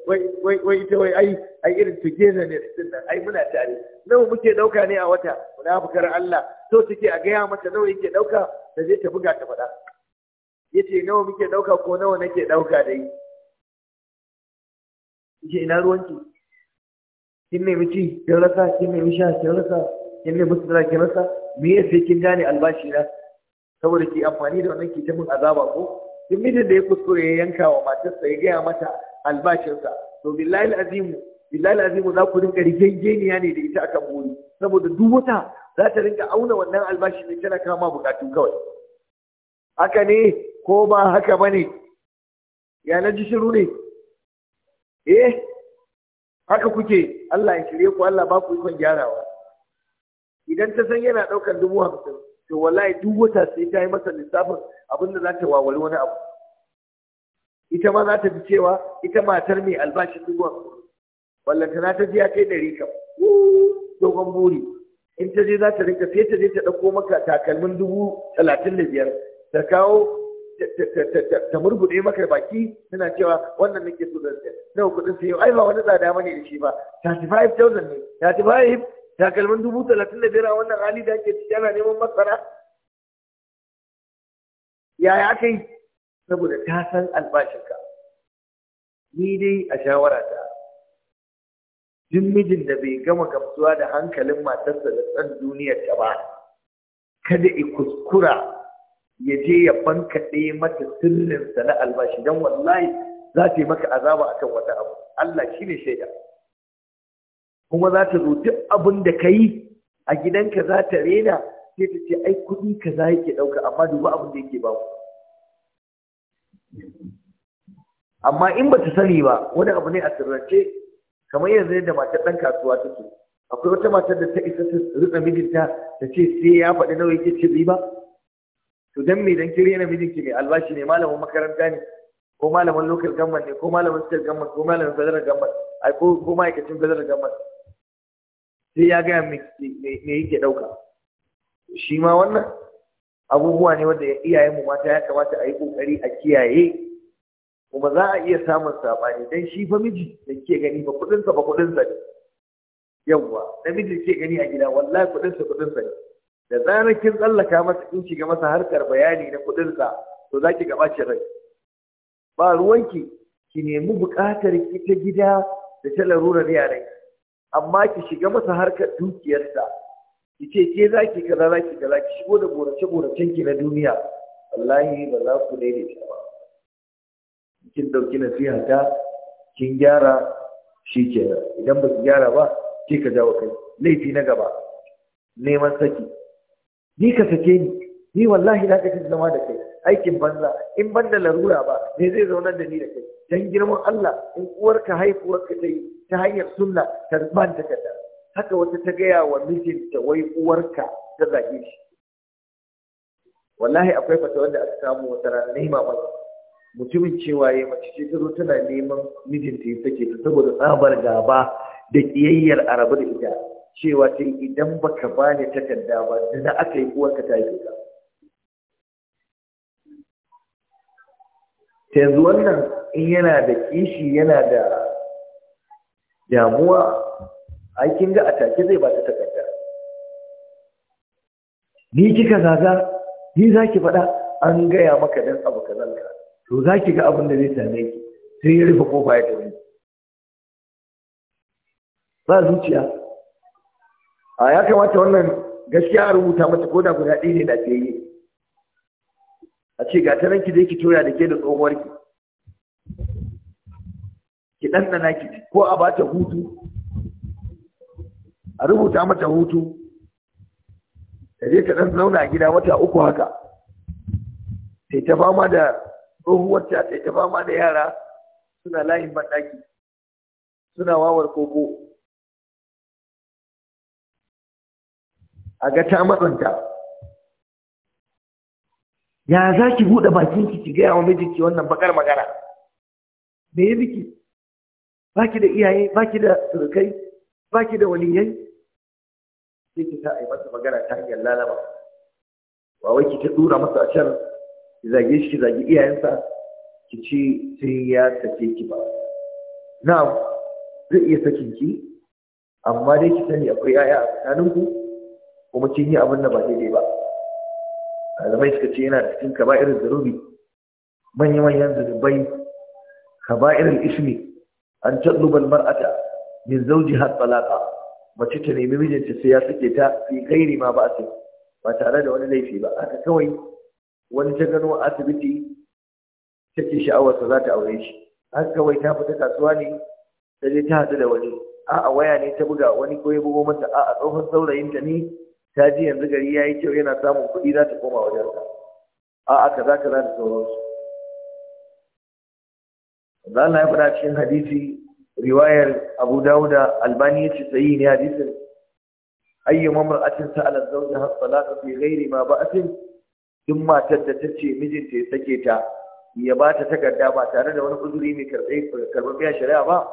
wai wai ita wai ai ai irin together ne din nan ai muna tare nawa muke dauka ne a wata munafikar Allah to take a gaya mata nawa yake dauka da zai ta buga ta faɗa yace nawa muke dauka ko nawa nake dauka dai yace ina ruwanki kin nemi ci kin rasa kin nemi sha kin rasa kin nemi sutura kin rasa me yasa kin gane albashi na saboda ki amfani da wannan ki ta mun azaba ko Kin mijin da ya kuskure ya yanka wa matarsa ya gaya mata albashinsa to billahi azimu billahi azimu za ku rinka rigengeniya ne da ita akan buri saboda duk wata za ta rinka auna wannan albashin ne tana kama bukatun kawai haka ne ko ba haka ne. ya na ji shiru ne eh haka kuke Allah ya shirye ku Allah ba ku ikon gyarawa idan ta san yana ɗaukar dubu hamsin to wallahi duk wata sai ta yi masa lissafin abin da za ta wawali wani abu ita ma za ta fi cewa ita matar mai albashin dubu wanda. ta ji ya kai ɗari kam dogon buri in ta je za ta rinka sai ta je ta ɗauko maka takalmin dubu talatin da biyar ta kawo ta murguɗe maka baki tana cewa wannan nake so zan sayar nawa kuɗin sayo ai ba wani tsada bane da shi ba thirty five thousand ne thirty five takalmin dubu talatin da biyar a wannan hali da ake ciki ana neman masara yaya aka yi saboda ta san albashinka ni dai a shawarata duk mijin da bai gama gamsuwa da hankalin matarsa da tsan duniyar ta ba kada i kuskura ya je ya bankaɗe mata sirrinsa na albashi don wallahi za ta yi maka azaba akan wata abu Allah shi ne shaida kuma za ta zo duk abin da ka yi a gidanka za ta rena sai ta ce ai kuɗi za yake ɗauka amma duba abin da yake ba ku amma in ba ta sani ba wani abu ne a sirrance kamar yanzu yadda matar ɗan kasuwa take akwai wata matar da ta isa ta rika mijinta ta ce sai ya faɗi nawa yake ci ba to dan me dan kire na mijinki ne albashi ne malamin makaranta ne ko malamin local government ne ko malamin state government ko malamin federal government ai ko ko ma'aikacin federal government sai ya gaya me yake ɗauka shi ma wannan abubuwa ne wanda mu mata ya kamata a yi kokari a kiyaye kuma za a iya samun sabani dan shi fa miji da ke gani ba kudin sa ba kudin sa ne yawa namiji ke gani a gida wallahi kudin sa kudin sa ne da zarar kin tsallaka masa in shiga masa harkar bayani na kudin sa to zaki gaba ce rai ba ruwanki ki nemi buƙatar ki ta gida da ta larura yaran amma ki shiga masa harkar dukiyarsa ki ce ke za ki kaza za ki kaza ki shigo da borace boracen ki na duniya wallahi ba za ku ta ba kin dauki nasiha ta kin gyara shi kenan idan ba ki gyara ba ke ka jawo kai laifi na gaba neman saki ni ka sake ni ni wallahi na kace zama da kai aikin banza in ban da larura ba me zai zauna da ni da kai dan girman Allah in uwarka haifuwarka ta yi ta hanyar sunna ta ban takarda haka wata ta gaya wa mijinta wai uwarka ta zage shi wallahi akwai fata wanda aka samu wata rana na hima mutumin cewa ya mace ce ta zo tana neman mijinta ya sake ta saboda tsabar gaba da ƙiyayyar arabu da ita cewa ta idan baka bani takarda ba da aka yi uwarka ta yi ta yanzu wannan in yana da kishi yana da damuwa ai kin ga atake zai ba ta takarda ni kika zaza ni zaki faɗa an gaya maka dan abu ka to zaki ga abin da zai same ki sai ya rufe kofa ya tafi ba zuciya a ya kamata wannan gaskiya a rubuta mata koda guda ɗaya ne da ke yi a ce ga ta ki zai ki tura da ke da tsohuwarki ki ɗanɗana ki ko a ba ta hutu a rubuta mata hutu ta je ta ɗan zauna a gida wata uku haka ta ta fama da tsohuwarta ta ta fama da yara suna layin banɗaki suna wawar koko. a ga ta matsanta ya za ki buɗe bakin ki gaya wa mijinki wannan bakar magana me ya biki ba ki da iyaye ba ki da surukai ba ki da waliyai sai ki ta a masa magana ta hanyar lalaba ba wai ki ta dura masa a can ki zage shi ki zage iyayensa ki ci sai ya sake ki ba na zai iya sakin ki amma dai ki sani akwai yaya a tsakaninku kuma kin yi abin da ba daidai ba malamai suka ce yana da cikin kaba'irin zarubi manya-manyan zunubai kaba'irin ismi an tatluba mar'ata min zauji har talaka mace ta nemi mijinta sai ya sake ta fi gairi ma ba a ba tare da wani laifi ba haka kawai wani ta gano asibiti ta take sha'awarsa za ta aure shi haka kawai ta fita kasuwa ne ta je ta haɗu da wani a'a waya ne ta buga wani ko ya bugo mata a'a tsohon saurayinta ne ta ji yanzu gari ya yi kyau yana samun kuɗi za ta koma wajen sa a'a kaza kaza da sauransu Allah ya faɗa cikin hadisi riwayar abu dauda albani ya ce sayi ne hadisin ayyu mamra'atin sa'alat zawjaha as-salata fi ghairi ma ba'atin duk matar da ta ce mijinta ya sake ta ya ba ta takarda ba tare da wani uzuri mai karɓe karɓar biya shari'a ba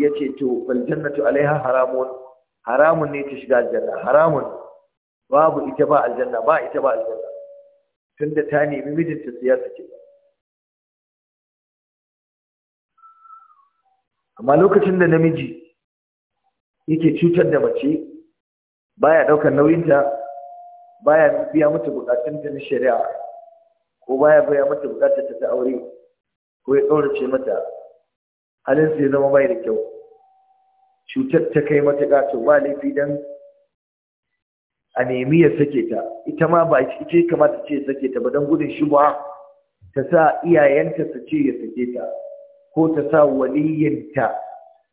ya ce to bal jannatu alaiha haramun haramun ne ta shiga aljanna haramun babu ita ba aljanna ba ita ba aljanna tunda ta nemi mijinta su ya sake amma lokacin da namiji yake cutar da mace baya daukar nauyinta baya biya mata bukatunta na shari'a ko baya biya mata bukatunta ta aure ko ya ɗaurace mata halin ya zama bai da kyau cutar ta kai matuka, to ba laifi dan a nemi ya sake ta ita ma ba ita kamata ce ya sake ta ba don gudun shubha ta sa iyayenta su ce ya sake ta ko ta sa waliyyanta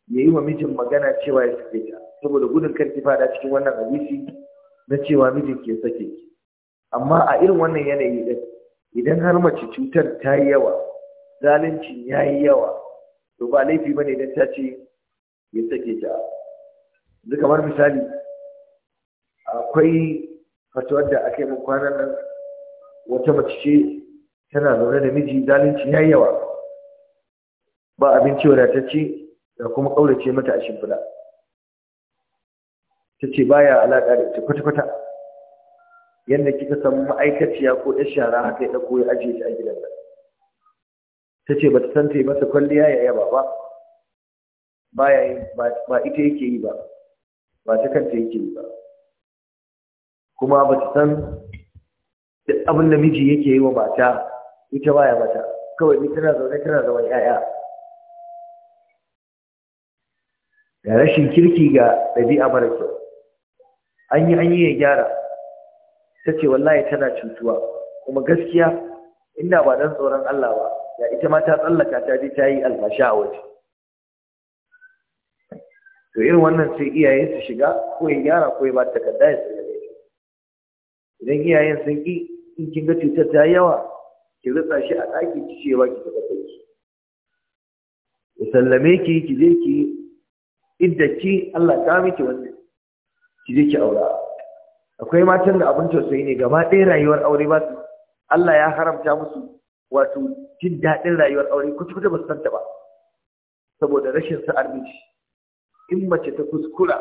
ya yi wa mijin magana cewa ya sake ta saboda gudun kar ki fada cikin wannan hadisi na cewa mijin ke sake ki amma a irin wannan yanayi din idan har mace cutar ta yi yawa zalunci ya yi yawa to ba laifi bane idan ta ce ya sake ta Duka kamar misali akwai fatuwar da aka yi min kwanan nan wata mace ce tana zaune da miji zalunci ya yi yawa ba abinci wadatacce da kuma ƙaurace mata a shimfiɗa ta ce ba ya alaƙa da ita kwata-kwata yadda kika san ma'aikaciya ko ɗan shara haka ya ɗauko ya ajiye ta a gidan ta ce ba ta san ta yi masa kwalliya ya yaba ba Ba ya yi ba ita yake yi ba ba ta kanta yake yi ba kuma ba ta san duk abin da miji yake yi wa mata ita baya mata kawai ni tana zaune tana zaman 'ya'ya ga rashin kirki ga ɗabi'a mara kyau an yi an yi ya gyara ta ce wallahi tana cutuwa kuma gaskiya inda ba dan tsoron Allah ba ya ita ma ta tsallaka ta je ta yi alfasha a waje to irin wannan sai iyaye su shiga ko ya gyara ko ya ba ta kadda ya tsaya idan iyayen sun ki in kin ga cutar ta yawa ki rutsa shi a ɗaki ki ba ki taɓa ki sallame ki ki je ki iddaki Allah ta miki wannan ki je ki aura akwai matan da abin tausayi ne gaba ɗaya rayuwar aure ba su Allah ya haramta musu wato jin daɗin rayuwar aure kuta kuta ba su santa ba saboda rashin sa'ar miji in mace ta kuskura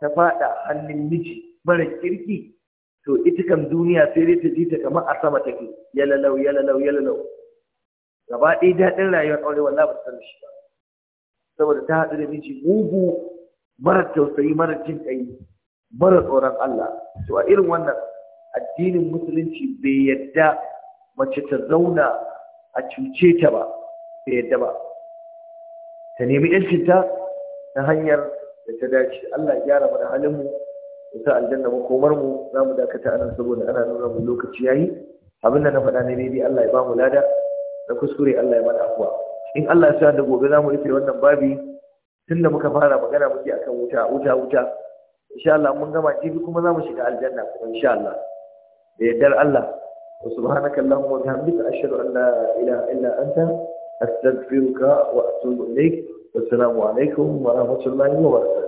ta faɗa hannun miji mara kirki to ita kam duniya sai dai ta ji ta kama a sama take yalalau yalalau yalalau gaba ɗaya daɗin rayuwar aure wallahi ba su san shi ba saboda ta haɗu da miji mugu mara tausayi mara jin ƙai mara tsoron Allah to a irin wannan addinin musulunci bai yadda mace ta zauna a cuce ta ba bai yadda ba ta nemi yancinta ta hanyar da ta dace Allah ya gyara mana halin mu ya sa aljanna mu za mu dakata anan saboda ana nuna mu lokaci yayi abin da na faɗa ne bi Allah ya ba mu lada da kuskure Allah ya mana afuwa in Allah ya da gobe za mu rufe wannan babi tunda muka fara magana muke a wuta wuta wuta insha Allah mun gama jibi kuma za mu shiga aljanna kuma insha Allah da yardar Allah wa subhanaka allahumma wa bihamdika ashhadu an la ilaha illa anta astaghfiruka wa atubu alaikum wa rahmatullahi wa barakatuh